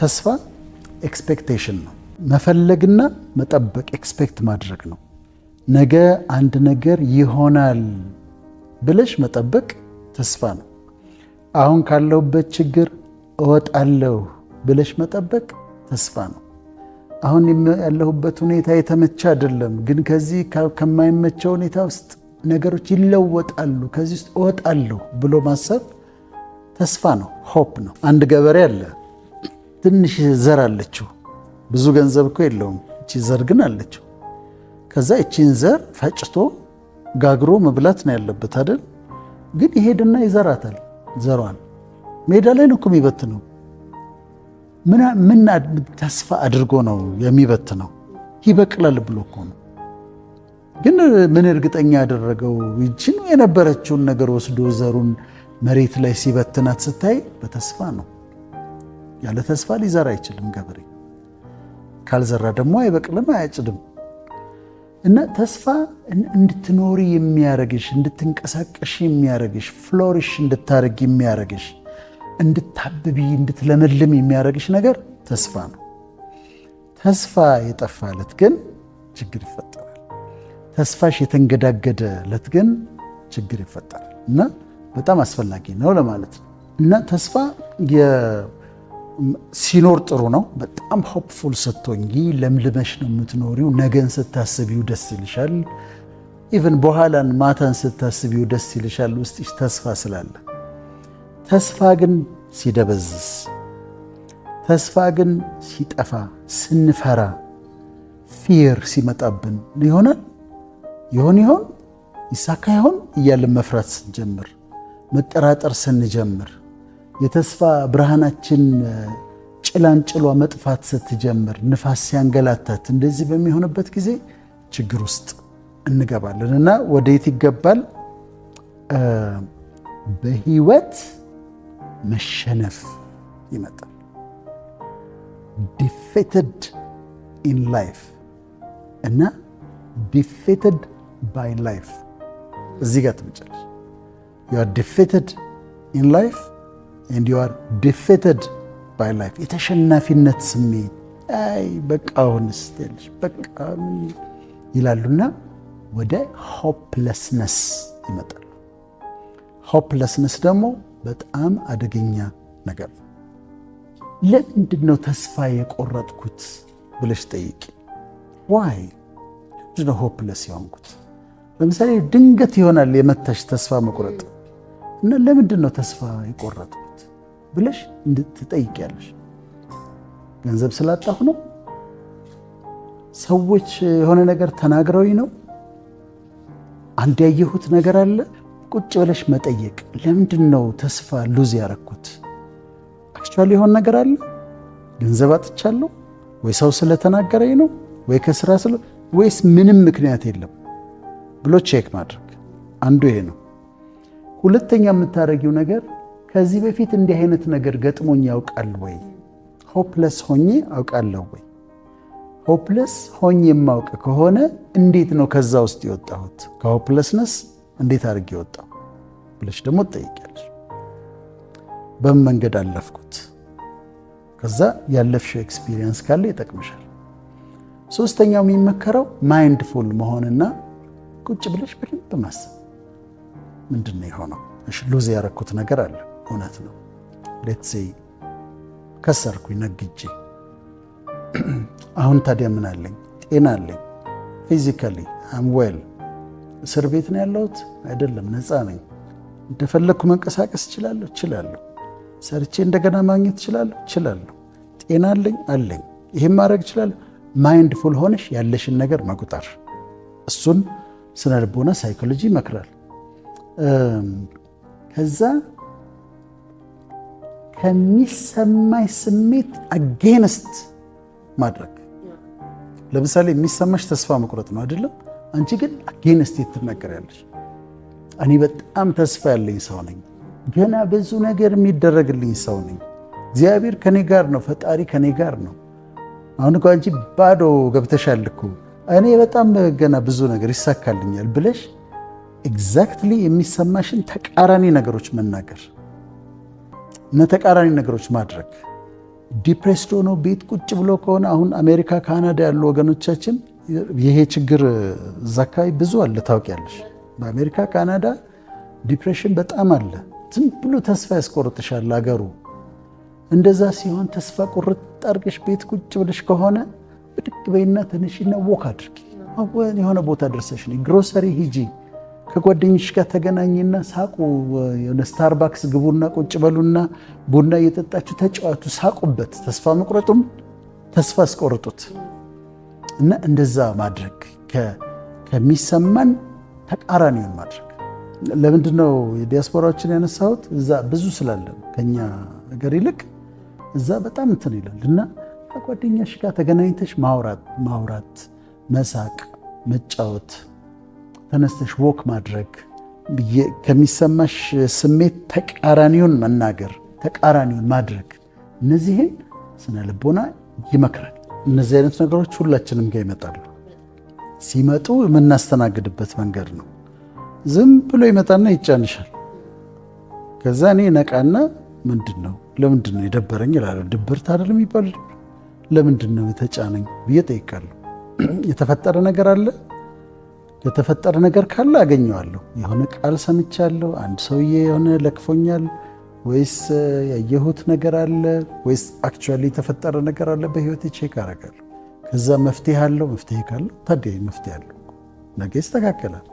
ተስፋ ኤክስፔክቴሽን ነው። መፈለግና መጠበቅ ኤክስፔክት ማድረግ ነው። ነገ አንድ ነገር ይሆናል ብለሽ መጠበቅ ተስፋ ነው። አሁን ካለሁበት ችግር እወጣለሁ ብለሽ መጠበቅ ተስፋ ነው። አሁን ያለሁበት ሁኔታ የተመቸ አይደለም፣ ግን ከዚህ ከማይመቸው ሁኔታ ውስጥ ነገሮች ይለወጣሉ፣ ከዚህ ውስጥ እወጣለሁ ብሎ ማሰብ ተስፋ ነው፣ ሆፕ ነው። አንድ ገበሬ አለ ትንሽ ዘር አለችው። ብዙ ገንዘብ እኮ የለውም። እቺ ዘር ግን አለችው። ከዛ እቺን ዘር ፈጭቶ ጋግሮ መብላት ነው ያለበት አይደል? ግን ይሄድና ይዘራታል። ዘሯን ሜዳ ላይ ነው እኮ የሚበትነው። ምን ተስፋ አድርጎ ነው የሚበትነው? ይበቅላል ብሎ እኮ ነው። ግን ምን እርግጠኛ ያደረገው? ይችን የነበረችውን ነገር ወስዶ ዘሩን መሬት ላይ ሲበትናት ስታይ በተስፋ ነው። ያለ ተስፋ ሊዘራ አይችልም ገበሬ። ካልዘራ ደግሞ አይበቅልም፣ አያጭድም። እና ተስፋ እንድትኖሪ የሚያረግሽ እንድትንቀሳቀሽ የሚያረግሽ ፍሎሪሽ እንድታረግ የሚያረግሽ እንድታብቢ እንድትለመልም የሚያረግሽ ነገር ተስፋ ነው። ተስፋ የጠፋለት ግን ችግር ይፈጠራል። ተስፋሽ የተንገዳገደ ግን ችግር ይፈጠራል እና በጣም አስፈላጊ ነው ለማለት ነው እና ተስፋ ሲኖር ጥሩ ነው። በጣም ሆፕፉል ስትሆኚ ለምልመሽ ነው የምትኖሪው። ነገን ስታስቢው ደስ ይልሻል። ኢቨን በኋላን ማታን ስታስቢው ደስ ይልሻል። ውስጥ ተስፋ ስላለ ተስፋ ግን ሲደበዝስ፣ ተስፋ ግን ሲጠፋ፣ ስንፈራ፣ ፊር ሲመጣብን ይሆናል ይሆን ይሆን ይሳካ ይሆን እያለን መፍራት ስንጀምር መጠራጠር ስንጀምር የተስፋ ብርሃናችን ጭላንጭሏ መጥፋት ስትጀምር፣ ንፋስ ሲያንገላታት፣ እንደዚህ በሚሆንበት ጊዜ ችግር ውስጥ እንገባለን እና ወደየት ይገባል? በህይወት መሸነፍ ይመጣል። ዲፌትድ ኢን ላይፍ እና ዲፌትድ ባይ ላይፍ እዚህ ጋር ትምጫለሽ። ዩ አር ዲፌትድ ኢን ላይፍ and you are defeated by life የተሸናፊነት ስሜት አይ በቃ አሁንስ ትልሽ በቃ ይላሉና ወደ ሆፕለስነስ ይመጣሉ። ሆፕለስነስ ደግሞ በጣም አደገኛ ነገር ነው። ለምንድን ነው ተስፋ የቆረጥኩት ብለሽ ጠይቂ። ዋይ ምንድን ነው ሆፕለስ የሆንኩት? ለምሳሌ ድንገት ይሆናል የመታሽ ተስፋ መቁረጥ እና ለምንድን ነው ተስፋ የቆረጥኩት ብለሽ እንድትጠይቂያለሽ። ገንዘብ ስላጣሁ ነው፣ ሰዎች የሆነ ነገር ተናግረውኝ ነው፣ አንድ ያየሁት ነገር አለ። ቁጭ ብለሽ መጠየቅ። ለምንድን ነው ተስፋ ሉዝ ያረኩት? አክቹዋሊ የሆነ ነገር አለ፣ ገንዘብ አጥቻለሁ፣ ወይ ሰው ስለተናገረኝ ነው፣ ወይ ከስራ ስለ ወይስ ምንም ምክንያት የለም ብሎ ቼክ ማድረግ አንዱ ይሄ ነው። ሁለተኛ የምታደርጊው ነገር ከዚህ በፊት እንዲህ አይነት ነገር ገጥሞኝ ያውቃል ወይ? ሆፕለስ ሆኜ አውቃለሁ ወይ? ሆፕለስ ሆኜ የማውቅ ከሆነ እንዴት ነው ከዛ ውስጥ የወጣሁት? ከሆፕለስነስ እንዴት አድርጌ የወጣሁ ብለሽ ደግሞ ትጠይቂያለሽ። በምን መንገድ አለፍኩት? ከዛ ያለፍሽው ኤክስፒሪየንስ ካለ ይጠቅምሻል። ሶስተኛው የሚመከረው ማይንድፉል መሆንና ቁጭ ብለሽ በደንብ ማሰብ ምንድን ነው የሆነው? ሉዝ ያረኩት ነገር አለ እውነት ነው። ሌትሴ ሴይ ከሰርኩኝ ነግጄ፣ አሁን ታዲያ ምን አለኝ? ጤና አለኝ። ፊዚካሊ አም ዌል። እስር ቤት ነው ያለሁት አይደለም፣ ነፃ ነኝ። እንደፈለግኩ መንቀሳቀስ እችላለሁ እችላለሁ። ሰርቼ እንደገና ማግኘት እችላለሁ እችላለሁ። ጤና አለኝ አለኝ። ይህም ማድረግ እችላለሁ። ማይንድፉል ሆነሽ ያለሽን ነገር መቁጠር፣ እሱን ስነ ልቦና ሳይኮሎጂ ይመክራል። ከዛ ከሚሰማኝ ስሜት አጌንስት ማድረግ። ለምሳሌ የሚሰማሽ ተስፋ መቁረጥ ነው አይደለም? አንቺ ግን አጌንስት ትናገሪያለሽ። እኔ በጣም ተስፋ ያለኝ ሰው ነኝ፣ ገና ብዙ ነገር የሚደረግልኝ ሰው ነኝ። እግዚአብሔር ከኔ ጋር ነው፣ ፈጣሪ ከኔ ጋር ነው። አሁን እኮ አንቺ ባዶ ገብተሻል እኮ እኔ በጣም ገና ብዙ ነገር ይሳካልኛል ብለሽ ኤግዛክትሊ የሚሰማሽን ተቃራኒ ነገሮች መናገር እና ተቃራኒ ነገሮች ማድረግ ዲፕሬስድ ሆኖ ቤት ቁጭ ብሎ ከሆነ አሁን አሜሪካ፣ ካናዳ ያሉ ወገኖቻችን ይሄ ችግር እዛ አካባቢ ብዙ አለ። ታውቂያለሽ፣ በአሜሪካ ካናዳ ዲፕሬሽን በጣም አለ። ዝም ብሎ ተስፋ ያስቆርጥሻል አገሩ። እንደዛ ሲሆን ተስፋ ቁርጥ አድርገሽ ቤት ቁጭ ብለሽ ከሆነ ብድቅ በይና ተነሽና ወክ አድርጊ፣ የሆነ ቦታ ደርሰሽ ግሮሰሪ ሂጂ ከጓደኞች ጋር ተገናኝና ሳቁ፣ የሆነ ስታርባክስ ግቡና ቁጭ በሉና ቡና እየጠጣችሁ ተጫዋቱ፣ ሳቁበት። ተስፋ መቁረጡም ተስፋ አስቆርጡት እና እንደዛ ማድረግ ከሚሰማን ተቃራኒውን ማድረግ። ለምንድን ነው የዲያስፖራዎችን ያነሳሁት? እዛ ብዙ ስላለ ከኛ ነገር ይልቅ እዛ በጣም እንትን ይላል እና ከጓደኛሽ ጋር ተገናኝተሽ ማውራት ማውራት፣ መሳቅ፣ መጫወት ተነስተሽ ወክ ማድረግ ከሚሰማሽ ስሜት ተቃራኒውን መናገር፣ ተቃራኒውን ማድረግ እነዚህን ስነ ልቦና ይመክራል። እነዚህ አይነት ነገሮች ሁላችንም ጋር ይመጣሉ። ሲመጡ የምናስተናግድበት መንገድ ነው። ዝም ብሎ ይመጣና ይጫንሻል። ከዛ እኔ ነቃና ምንድን ነው ለምንድን ነው የደበረኝ እላለሁ። ድብርት አይደል የሚባል ለምንድን ነው የተጫነኝ ብዬ ጠይቃለሁ። የተፈጠረ ነገር አለ ለተፈጠረ ነገር ካለ አገኘዋለሁ። የሆነ ቃል ሰምቻለሁ፣ አንድ ሰውዬ የሆነ ለክፎኛል፣ ወይስ ያየሁት ነገር አለ፣ ወይስ አክቹዋሊ የተፈጠረ ነገር አለ በህይወት ቼክ አደርጋለሁ። ከዛ መፍትሄ አለው፣ መፍትሄ ካለው ታዲያ መፍትሄ አለው፣ ነገ ይስተካከላል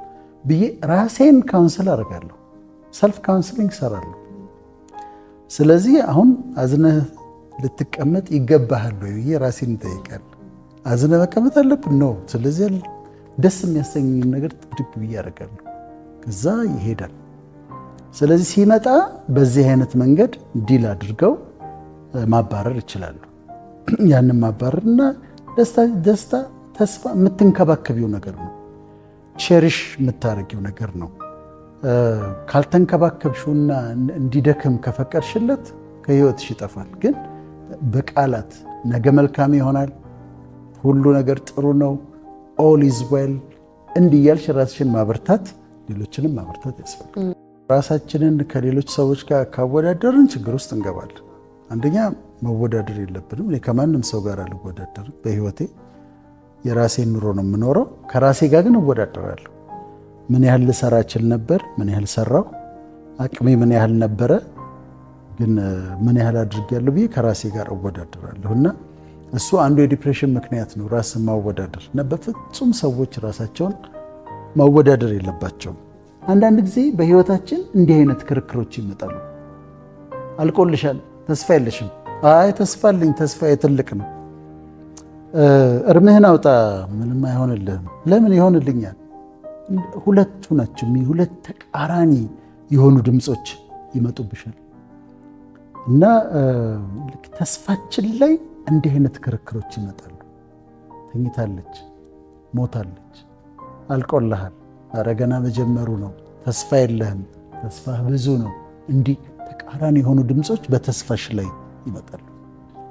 ብዬ ራሴን ካውንስል አደርጋለሁ። ሰልፍ ካውንስሊንግ እሰራለሁ። ስለዚህ አሁን አዝነህ ልትቀመጥ ይገባሃል ወይ ብዬ ራሴን ይጠይቃል። አዝነህ መቀመጥ አለብን ነው። ስለዚህ ደስ የሚያሰኝ ነገር ድግ ብዬ አደርጋለሁ። ከዛ ይሄዳል። ስለዚህ ሲመጣ በዚህ አይነት መንገድ ዲል አድርገው ማባረር ይችላሉ። ያንን ማባረርና ደስታ፣ ተስፋ የምትንከባከቢው ነገር ነው። ቼሪሽ የምታደርጊው ነገር ነው። ካልተንከባከብሽውና እንዲደክም ከፈቀድሽለት ከህይወትሽ ይጠፋል። ግን በቃላት ነገ መልካም ይሆናል፣ ሁሉ ነገር ጥሩ ነው ኦል ኢዝ ዌል እንዲህ ራስሽን ማበርታት፣ ሌሎችንም ማበርታት ያስፈልጋል። ራሳችንን ከሌሎች ሰዎች ጋር ካወዳደርን ችግር ውስጥ እንገባለን። አንደኛ መወዳደር የለብንም። እኔ ከማንም ሰው ጋር አልወዳደርም በህይወቴ የራሴን ኑሮ ነው የምኖረው። ከራሴ ጋር ግን እወዳደራለሁ። ምን ያህል ልሰራ እችል ነበር? ምን ያህል ሰራው? አቅሜ ምን ያህል ነበረ? ግን ምን ያህል አድርጌያለሁ ብዬ ከራሴ ጋር እወዳደራለሁ እና እሱ አንዱ የዲፕሬሽን ምክንያት ነው፣ ራስን ማወዳደር እና በፍጹም ሰዎች ራሳቸውን ማወዳደር የለባቸውም። አንዳንድ ጊዜ በህይወታችን እንዲህ አይነት ክርክሮች ይመጣሉ። አልቆልሻል፣ ተስፋ የለሽም፣ አይ ተስፋ አለኝ፣ ተስፋ የትልቅ ነው፣ እርምህን አውጣ፣ ምንም አይሆንልህም፣ ለምን ይሆንልኛል። ሁለቱ ናቸው፣ ሁለት ተቃራኒ የሆኑ ድምፆች ይመጡብሻል እና ተስፋችን ላይ እንዲህ አይነት ክርክሮች ይመጣሉ። ተኝታለች፣ ሞታለች፣ አልቆልሃል፣ ኧረ ገና መጀመሩ ነው፣ ተስፋ የለህም፣ ተስፋህ ብዙ ነው። እንዲህ ተቃራኒ የሆኑ ድምፆች በተስፋሽ ላይ ይመጣሉ።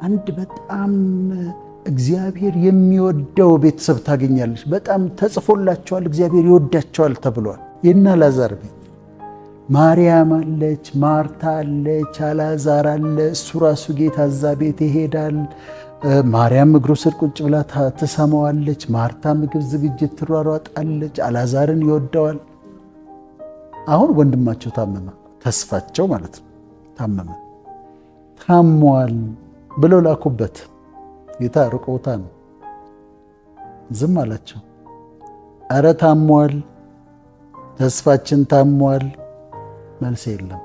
አንድ በጣም እግዚአብሔር የሚወደው ቤተሰብ ታገኛለች። በጣም ተጽፎላቸዋል፣ እግዚአብሔር ይወዳቸዋል ተብሏል። የእነ ላዛር ቤት ማርያም አለች፣ ማርታ አለች፣ አላዛር አለ። እሱ ራሱ ጌታ እዛ ቤት ይሄዳል። ማርያም እግሩ ስር ቁጭ ብላ ትሰማዋለች። ማርታ ምግብ ዝግጅት ትሯሯጣለች። አላዛርን ይወደዋል። አሁን ወንድማቸው ታመመ፣ ተስፋቸው ማለት ነው። ታመመ፣ ታሟል ብለው ላኩበት። ጌታ ሩቅ ቦታ ነው። ዝም አላቸው። ኧረ ታሟል፣ ተስፋችን ታሟል መልስ የለም።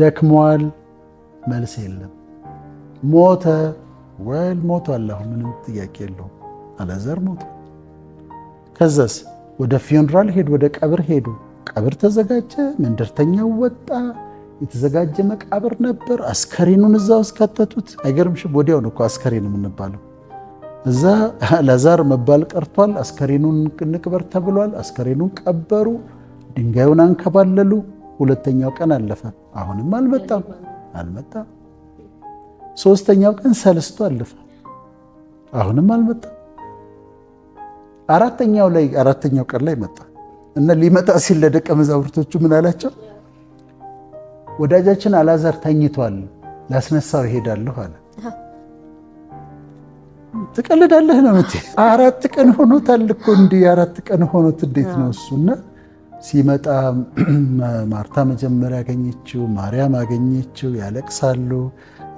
ደክሟል፣ መልስ የለም። ሞተ ወይል ሞቷል፣ አሁን ምንም ጥያቄ የለውም። አላዛር ሞተ። ከዛስ ወደ ፊዮንራል ሄዱ፣ ወደ ቀብር ሄዱ። ቀብር ተዘጋጀ፣ መንደርተኛው ወጣ። የተዘጋጀ መቃብር ነበር። አስከሬኑን እዛ ውስጥ ከተቱት። አይገርምሽም? ወዲያው ነው እኮ አስከሬን የምንባለው። እዛ ለዛር መባል ቀርቷል። አስከሬኑን እንቅበር ተብሏል። አስከሬኑን ቀበሩ፣ ድንጋዩን አንከባለሉ። ሁለተኛው ቀን አለፈ፣ አሁንም አልመጣም አልመጣም። ሶስተኛው ቀን ሰልስቶ አለፈ፣ አሁንም አልመጣም። አራተኛው ላይ አራተኛው ቀን ላይ መጣ እና ሊመጣ ሲል ለደቀ መዛሙርቶቹ ምን አላቸው? ወዳጃችን አላዛር ተኝቷል፣ ላስነሳው እሄዳለሁ አለ። ትቀልዳለህ ነው የምትሄድ? አራት ቀን ሆኖታል እኮ እንዲህ አራት ቀን ሆኖት እንዴት ነው እሱና ሲመጣ ማርታ መጀመሪያ አገኘችው፣ ማርያም አገኘችው። ያለቅሳሉ።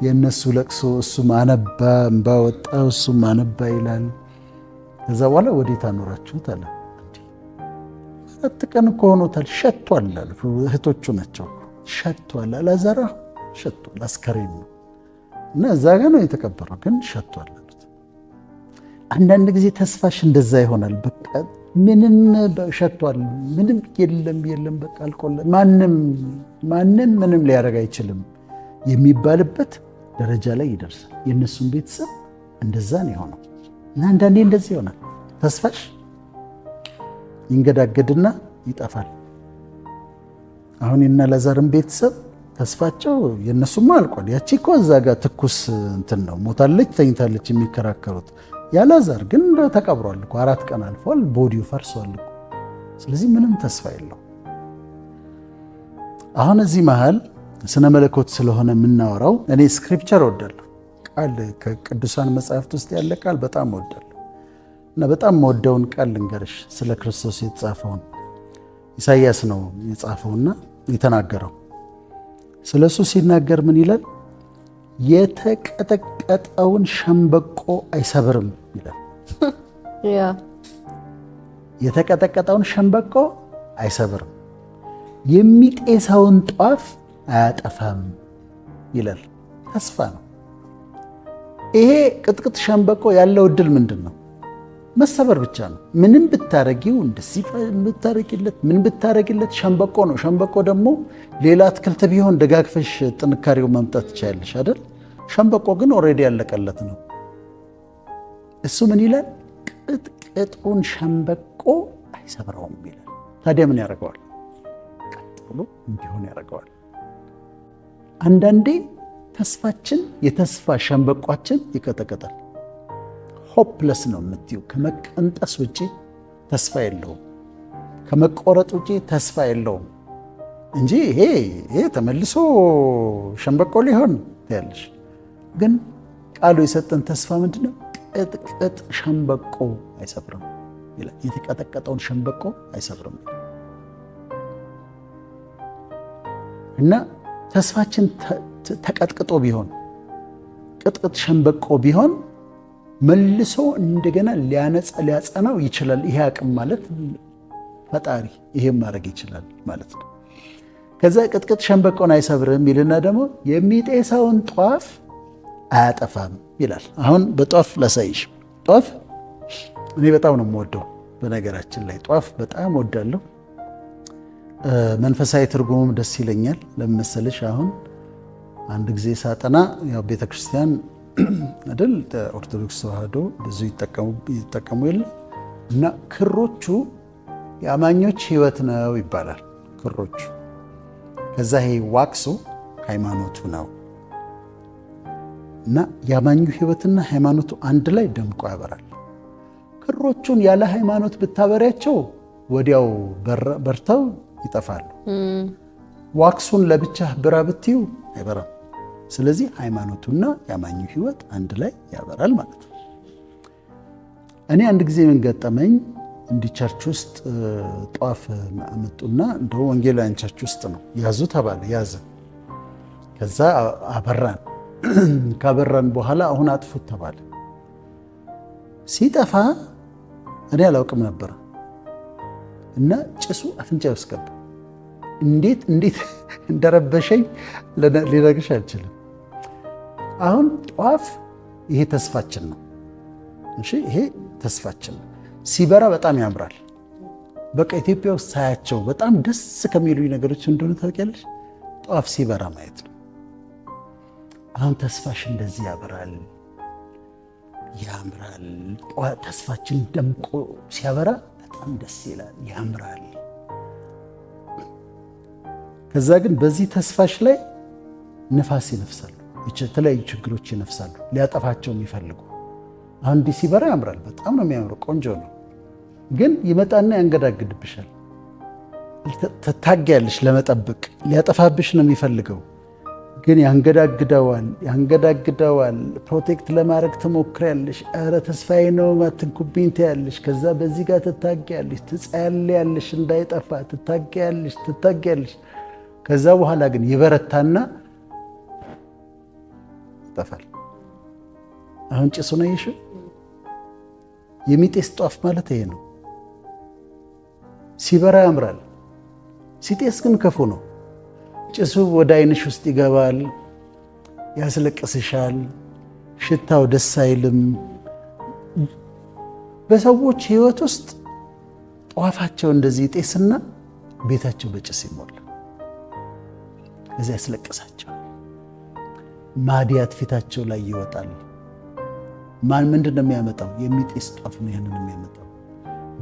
የእነሱ ለቅሶ እሱም አነባ፣ እንባ ወጣ፣ እሱም አነባ ይላል። ከዛ በኋላ ወዴት አኖራችሁት አለ። አራት ቀን እኮ ሆኖታል፣ ሸቷል አሉ። እህቶቹ ናቸው። ሸቷል፣ አላዛራ ሸቷል፣ አስከሬን ነው እና እዛ ጋ ነው የተቀበረው፣ ግን ሸቷል አሉት። አንዳንድ ጊዜ ተስፋሽ እንደዛ ይሆናል በቃ ምንም ሸቷል፣ ምንም የለም የለም፣ በቃ አልቆለ፣ ማንም ማንም ምንም ሊያደርግ አይችልም የሚባልበት ደረጃ ላይ ይደርሳል። የእነሱን ቤተሰብ እንደዛ ነው የሆነው እና አንዳንዴ እንደዚህ ይሆናል። ተስፋሽ ይንገዳገድና ይጠፋል። አሁን የና ለዛርም ቤተሰብ ተስፋቸው የእነሱማ አልቋል። ያቺ እኮ እዛ ጋር ትኩስ እንትን ነው ሞታለች፣ ተኝታለች የሚከራከሩት ያላዛር ግን ተቀብሯል እኮ አራት ቀን አልፏል። ቦዲው ፈርሷል እኮ ስለዚህ ምንም ተስፋ የለው። አሁን እዚህ መሀል ስነ መለኮት ስለሆነ የምናወራው እኔ ስክሪፕቸር እወዳለሁ። ቃል ከቅዱሳን መጽሐፍት ውስጥ ያለ ቃል በጣም እወዳለሁ እና በጣም መወደውን ቃል ልንገርሽ። ስለ ክርስቶስ የተጻፈውን ኢሳይያስ ነው የጻፈውና የተናገረው። ስለ እሱ ሲናገር ምን ይላል? የተቀጠቀጠውን ሸምበቆ አይሰብርም ይላል። የተቀጠቀጠውን ሸምበቆ አይሰብርም፣ የሚጤሰውን ጧፍ አያጠፋም ይላል። ተስፋ ነው ይሄ። ቅጥቅጥ ሸምበቆ ያለው እድል ምንድን ነው? መሰበር ብቻ ነው። ምንም ብታረጊው እንደዚህ ብታረጊለት፣ ምን ብታረጊለት ሸንበቆ ነው። ሸንበቆ ደግሞ ሌላ አትክልት ቢሆን ደጋግፈሽ ጥንካሬው መምጣት ትችያለሽ አይደል? ሸንበቆ ግን ኦልሬዲ ያለቀለት ነው። እሱ ምን ይላል? ቅጥቅጡን ሸንበቆ አይሰብረውም ይላል። ታዲያ ምን ያደርገዋል? ቀጥሎ እንዲሆን ያደርገዋል። አንዳንዴ ተስፋችን የተስፋ ሸንበቋችን ይቀጠቀጣል። ሆፕለስ ነው የምትዩ። ከመቀንጠስ ውጭ ተስፋ የለውም፣ ከመቆረጥ ውጭ ተስፋ የለውም እንጂ ይሄ ይሄ ተመልሶ ሸንበቆ ሊሆን ያለሽ። ግን ቃሉ የሰጠን ተስፋ ምንድነው? ቅጥቅጥ ሸንበቆ አይሰብርም ይላል። የተቀጠቀጠውን ሸንበቆ አይሰብርም እና ተስፋችን ተቀጥቅጦ ቢሆን ቅጥቅጥ ሸንበቆ ቢሆን መልሶ እንደገና ሊያነጻ ሊያጸናው ይችላል። ይሄ አቅም ማለት ፈጣሪ ይሄም ማድረግ ይችላል ማለት ነው። ከዛ ቅጥቅጥ ሸንበቆን አይሰብርም ይልና ደግሞ የሚጤሰውን ጧፍ አያጠፋም ይላል። አሁን በጧፍ ላሳይሽ። ጧፍ እኔ በጣም ነው የምወደው። በነገራችን ላይ ጧፍ በጣም ወዳለሁ። መንፈሳዊ ትርጉሙም ደስ ይለኛል። ለመሰለሽ አሁን አንድ ጊዜ ሳጠና ያው ቤተክርስቲያን አይደል? ኦርቶዶክስ ተዋህዶ ብዙ ይጠቀሙ የለ እና ክሮቹ የአማኞች ህይወት ነው ይባላል። ክሮቹ ከዛ ይሄ ዋክሱ ሃይማኖቱ ነው እና የአማኙ ህይወትና ሃይማኖቱ አንድ ላይ ደምቆ ያበራል። ክሮቹን ያለ ሃይማኖት ብታበሪያቸው ወዲያው በርተው ይጠፋሉ። ዋክሱን ለብቻ ብራ ብትዩ አይበራም። ስለዚህ ሃይማኖቱና የአማኙ ህይወት አንድ ላይ ያበራል ማለት ነው። እኔ አንድ ጊዜ ምን ገጠመኝ፣ እንዲህ ቸርች ውስጥ ጧፍ መጡና እንደ ወንጌላውያን ቸርች ውስጥ ነው ያዙ ተባለ። ያዘ። ከዛ አበራን። ካበራን በኋላ አሁን አጥፉት ተባለ። ሲጠፋ እኔ አላውቅም ነበረ እና ጭሱ አፍንጫ ውስጥ ገባ። እንዴት እንዴት እንደረበሸኝ ሊነግርሽ አልችልም። አሁን ጧፍ ይሄ ተስፋችን ነው። እሺ ይሄ ተስፋችን ነው። ሲበራ በጣም ያምራል። በቃ ኢትዮጵያ ውስጥ ሳያቸው በጣም ደስ ከሚሉ ነገሮች እንደሆነ ታውቂያለሽ፣ ጧፍ ሲበራ ማየት ነው። አሁን ተስፋሽ እንደዚህ ያበራል፣ ያምራል። ተስፋችን ደምቆ ሲያበራ በጣም ደስ ይላል፣ ያምራል። ከዛ ግን በዚህ ተስፋሽ ላይ ንፋስ ይነፍሳል። የተለያዩ ችግሮች ይነፍሳሉ፣ ሊያጠፋቸው የሚፈልጉ አንድ ሲበራ ያምራል። በጣም ነው የሚያምረው፣ ቆንጆ ነው። ግን ይመጣና ያንገዳግድብሻል። ትታጊያለሽ ለመጠበቅ። ሊያጠፋብሽ ነው የሚፈልገው፣ ግን ያንገዳግደዋል፣ ያንገዳግደዋል። ፕሮቴክት ለማድረግ ትሞክሪያለሽ። ኧረ ተስፋዬ ነው ማትንኩብኝ ትያለሽ። ከዛ በዚህ ጋር ትታጊያለሽ፣ ትጸልያለሽ እንዳይጠፋ፣ ትታጊያለሽ፣ ትታጊያለሽ። ከዛ በኋላ ግን ይበረታና ይነጠፋል። አሁን ጭሱ ነው ይሽ የሚጤስ ጧፍ ማለት ይሄ ነው። ሲበራ ያምራል፣ ሲጤስ ግን ክፉ ነው። ጭሱ ወደ አይንሽ ውስጥ ይገባል፣ ያስለቅስሻል፣ ሽታው ደስ አይልም። በሰዎች ህይወት ውስጥ ጧፋቸው እንደዚህ ይጤስና ቤታቸው በጭስ ይሞላል። እዚህ ያስለቅሳቸው ማዲያት ፊታቸው ላይ ይወጣል። ማን ምንድን ነው የሚያመጣው? የሚጤስ ጧፍ ነው ይህንን የሚያመጣው።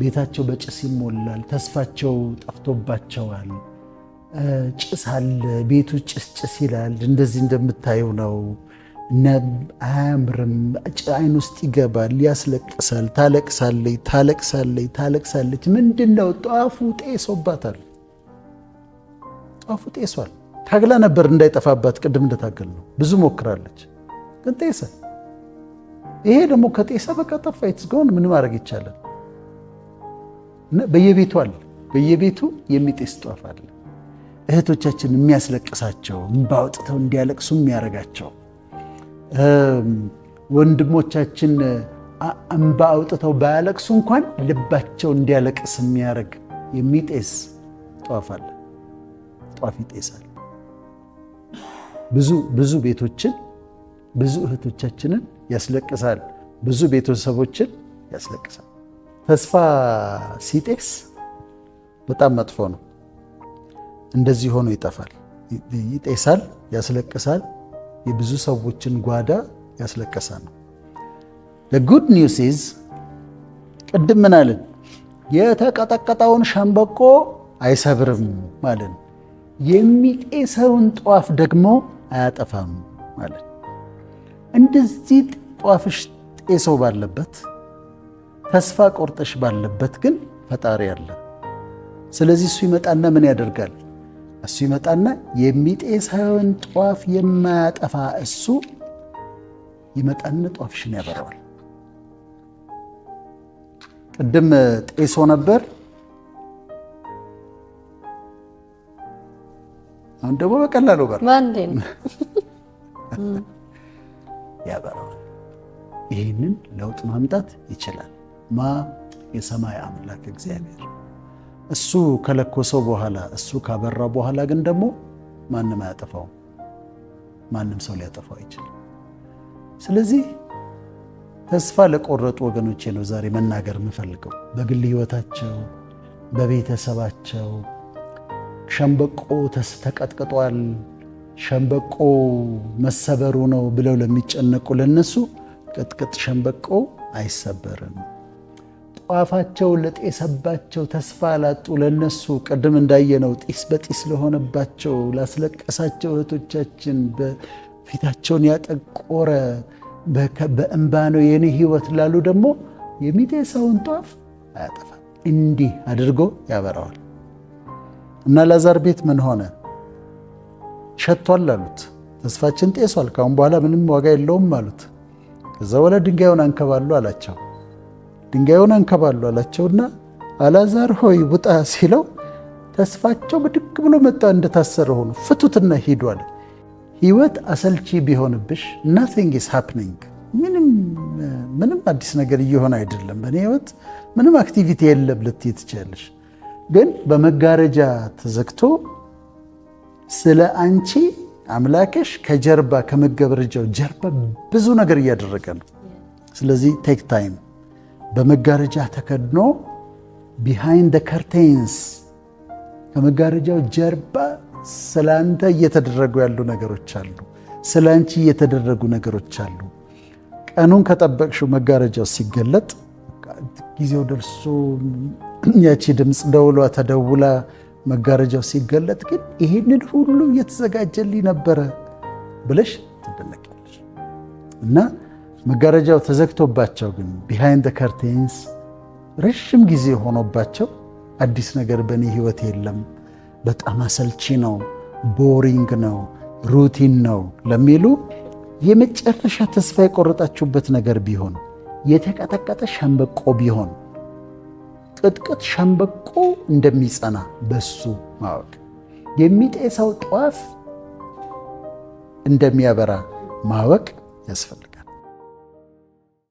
ቤታቸው በጭስ ይሞላል። ተስፋቸው ጠፍቶባቸዋል። ጭስ አለ፣ ቤቱ ጭስ ጭስ ይላል። እንደዚህ እንደምታየው ነው። አያምርም። አይን ውስጥ ይገባል፣ ያስለቅሳል። ታለቅሳለች፣ ታለቅሳለች፣ ታለቅሳለች። ምንድን ነው ጧፉ? ጤሶባታል። ጧፉ ጤሷል። ታግላ ነበር እንዳይጠፋባት። ቅድም እንደታገል ነው ብዙ ሞክራለች፣ ግን ጤሰ። ይሄ ደግሞ ከጤሰ በቃ ጠፋ። የትስገውን ምን ማድረግ ይቻላል? በየቤቱ አለ፣ በየቤቱ የሚጤስ ጧፍ አለ። እህቶቻችን የሚያስለቅሳቸው እምባ እንዲያለቅሱ የሚያደርጋቸው ወንድሞቻችን እምባ አውጥተው ባያለቅሱ እንኳን ልባቸው እንዲያለቅስ የሚያደርግ የሚጤስ ጧፍ አለ። ጧፍ ይጤሳል። ብዙ ብዙ ቤቶችን ብዙ እህቶቻችንን ያስለቅሳል። ብዙ ቤተሰቦችን ያስለቅሳል። ተስፋ ሲጤስ በጣም መጥፎ ነው። እንደዚህ ሆኖ ይጠፋል፣ ይጤሳል፣ ያስለቅሳል። የብዙ ሰዎችን ጓዳ ያስለቀሳ ነው። ጉድ ኒውስ ኢዝ ቅድም ምን አለን? የተቀጠቀጠውን ሸንበቆ አይሰብርም ማለት ነው። የሚጤሰውን ጧፍ ደግሞ አያጠፋም አለ። እንደዚህ ጧፍሽ ጤሶ ባለበት ተስፋ ቆርጠሽ ባለበት ግን ፈጣሪ አለ። ስለዚህ እሱ ይመጣና ምን ያደርጋል? እሱ ይመጣና የሚጤሰውን ጧፍ የማያጠፋ እሱ ይመጣና ጧፍሽን ያበራዋል። ቅድም ጤሶ ነበር። አሁን ደግሞ በቀላሉ በር ያበራዋል። ይህንን ለውጥ ማምጣት ይችላል። ማ የሰማይ አምላክ እግዚአብሔር እሱ ከለኮሰው በኋላ እሱ ካበራው በኋላ ግን ደግሞ ማንም አያጠፋውም። ማንም ሰው ሊያጠፋው አይችልም። ስለዚህ ተስፋ ለቆረጡ ወገኖቼ ነው ዛሬ መናገር የምፈልገው በግል ህይወታቸው፣ በቤተሰባቸው ሸምበቆ ተቀጥቅጧል፣ ሸምበቆ መሰበሩ ነው ብለው ለሚጨነቁ ለነሱ ቅጥቅጥ ሸምበቆ አይሰበርም። ጧፋቸው ለጤሰባቸው ተስፋ ላጡ ለነሱ ቅድም እንዳየነው ጢስ በጢስ ለሆነባቸው ላስለቀሳቸው እህቶቻችን በፊታቸውን ያጠቆረ በእንባ ነው የኔ ህይወት ላሉ ደግሞ የሚጤሰውን ጧፍ አያጠፋም፣ እንዲህ አድርጎ ያበራዋል። እና ለዘር ቤት ምን ሆነ? ሸቷል አሉት። ተስፋችን ጤሷል፣ ካሁን በኋላ ምንም ዋጋ የለውም አሉት። ከዛ በኋላ ድንጋዩን አንከባሉ አላቸው። ድንጋዩን አንከባሉ አላቸውና አላዛር ሆይ ውጣ ሲለው ተስፋቸው ብድግ ብሎ መጣ። እንደታሰረ ሆኑ። ፍቱትና ሂዱ አለ። ህይወት አሰልቺ ቢሆንብሽ ናቲንግ ኢዝ ሃፕኒንግ፣ ምንም አዲስ ነገር እየሆነ አይደለም፣ በእኔ ህይወት ምንም አክቲቪቲ የለም ልትይ ትችያለሽ። ግን በመጋረጃ ተዘግቶ ስለ አንቺ አምላክሽ ከጀርባ ከመጋረጃው ጀርባ ብዙ ነገር እያደረገ ነው። ስለዚህ ቴክ ታይም በመጋረጃ ተከድኖ ቢሃይንድ ከርቴንስ ከመጋረጃው ጀርባ ስለ አንተ እየተደረጉ ያሉ ነገሮች አሉ። ስለ አንቺ እየተደረጉ ነገሮች አሉ። ቀኑን ከጠበቅሽው መጋረጃው ሲገለጥ ጊዜው ደርሶ ያቺ ድምፅ ደውሏ ተደውላ መጋረጃው ሲገለጥ ግን ይህንን ሁሉ እየተዘጋጀልኝ ነበረ ብለሽ ትደነቂያለሽ። እና መጋረጃው ተዘግቶባቸው ግን ቢሃይንድ ከርቴንስ ረዥም ጊዜ ሆኖባቸው አዲስ ነገር በእኔ ህይወት የለም፣ በጣም አሰልቺ ነው፣ ቦሪንግ ነው፣ ሩቲን ነው ለሚሉ የመጨረሻ ተስፋ የቆረጣችሁበት ነገር ቢሆን የተቀጠቀጠ ሸንበቆ ቢሆን ቅጥቅጥ ሸምበቆ እንደሚጸና በሱ ማወቅ የሚጤሰው ጧፍ እንደሚያበራ ማወቅ ያስፈልጋል።